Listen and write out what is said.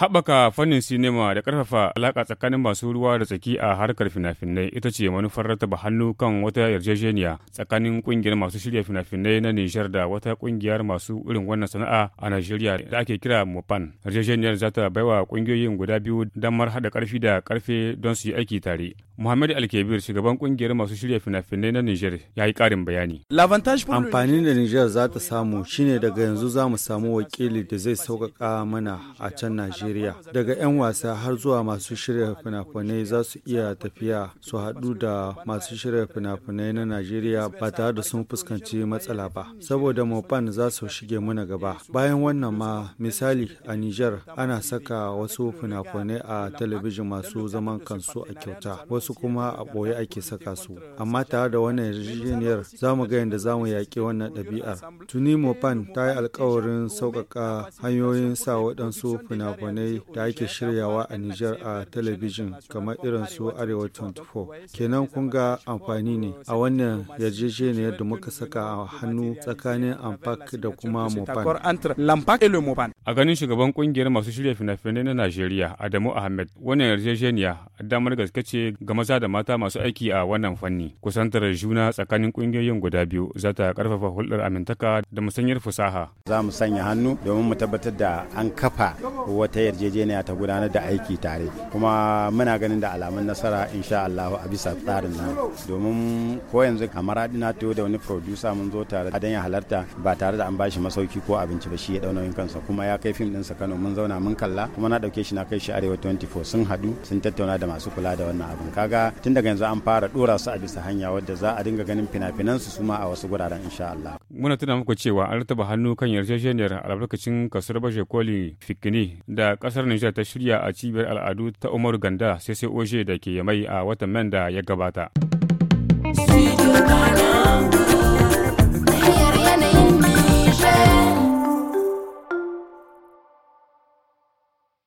Haɓaka fannin sinima da ƙarfafa alaƙa tsakanin masu ruwa da tsaki a harkar fina-finai ita ce manufar rataba hannu kan wata yarjejeniya tsakanin ƙungiyar masu shirya fina-finai na Nijar da wata ƙungiyar masu irin wannan sana'a a Najeriya da ake kira Mopan. Yarjejeniyar za ta baiwa ƙungiyoyin guda biyu damar haɗa ƙarfi da ƙarfe don su yi aiki tare. Muhammad Alkebir shugaban kungiyar masu shirya fina-finai na Niger ya yi karin bayani. Amfani da Niger za ta samu shine daga yanzu za mu samu wakili da zai sauƙaƙa mana a can Najeriya. Daga 'yan wasa har zuwa masu shirya fina-finai za su iya tafiya su haɗu da masu shirya fina-finai na Najeriya ba tare da sun fuskanci matsala ba. Saboda Mopan za su shige mana gaba. Bayan wannan ma misali a Niger ana saka wasu fina-finai a talabijin masu zaman kansu a kyauta. Wasu wasu kuma a ɓoye ake saka su amma tare da wannan yarjejeniyar za mu ga yadda za mu yaƙi wannan ɗabi'ar tuni mopan ta yi alkawarin sauƙaƙa hanyoyin sa waɗansu fina-finai da ake shiryawa a nijar a talabijin kamar irin su arewa 24 kenan kun ga amfani ne a wannan yarjejeniyar da muka saka a hannu tsakanin ampak da kuma mopan a ganin shugaban kungiyar masu shirya fina-finai na najeriya adamu ahmed wannan yarjejeniya damar gaske ce game maza da mata masu aiki a wannan fanni. Kusantar juna tsakanin kungiyoyin guda biyu za ta ƙarfafa hulɗar amintaka da musanyar fusaha. Za mu sanya hannu domin mu tabbatar da an kafa wata yarjejeniya ta gudanar da aiki tare. Kuma muna ganin da alamun nasara insha Allah a bisa tsarin nan. Domin ko yanzu a adina to da wani producer mun zo tare dan ya halarta ba tare da an bashi masauki ko abinci ba shi ya dauna yin kansa kuma ya kai fim sa Kano mun zauna mun kalla kuma na ɗauke shi na kai shi Arewa 24 sun haɗu sun tattauna da masu kula da wannan abin. ga tun daga yanzu an fara dora su a bisa hanya wadda za a dinga ganin fina-finan su suma a wasu guraren insha Allah muna tuna muku cewa an rataba hannu kan yarjejeniyar albarkacin kasar bashe koli fikini da kasar Nijar ta shirya a cibiyar al'adu ta Umar Ganda sai sai oje da ke yamai a watan man da ya gabata.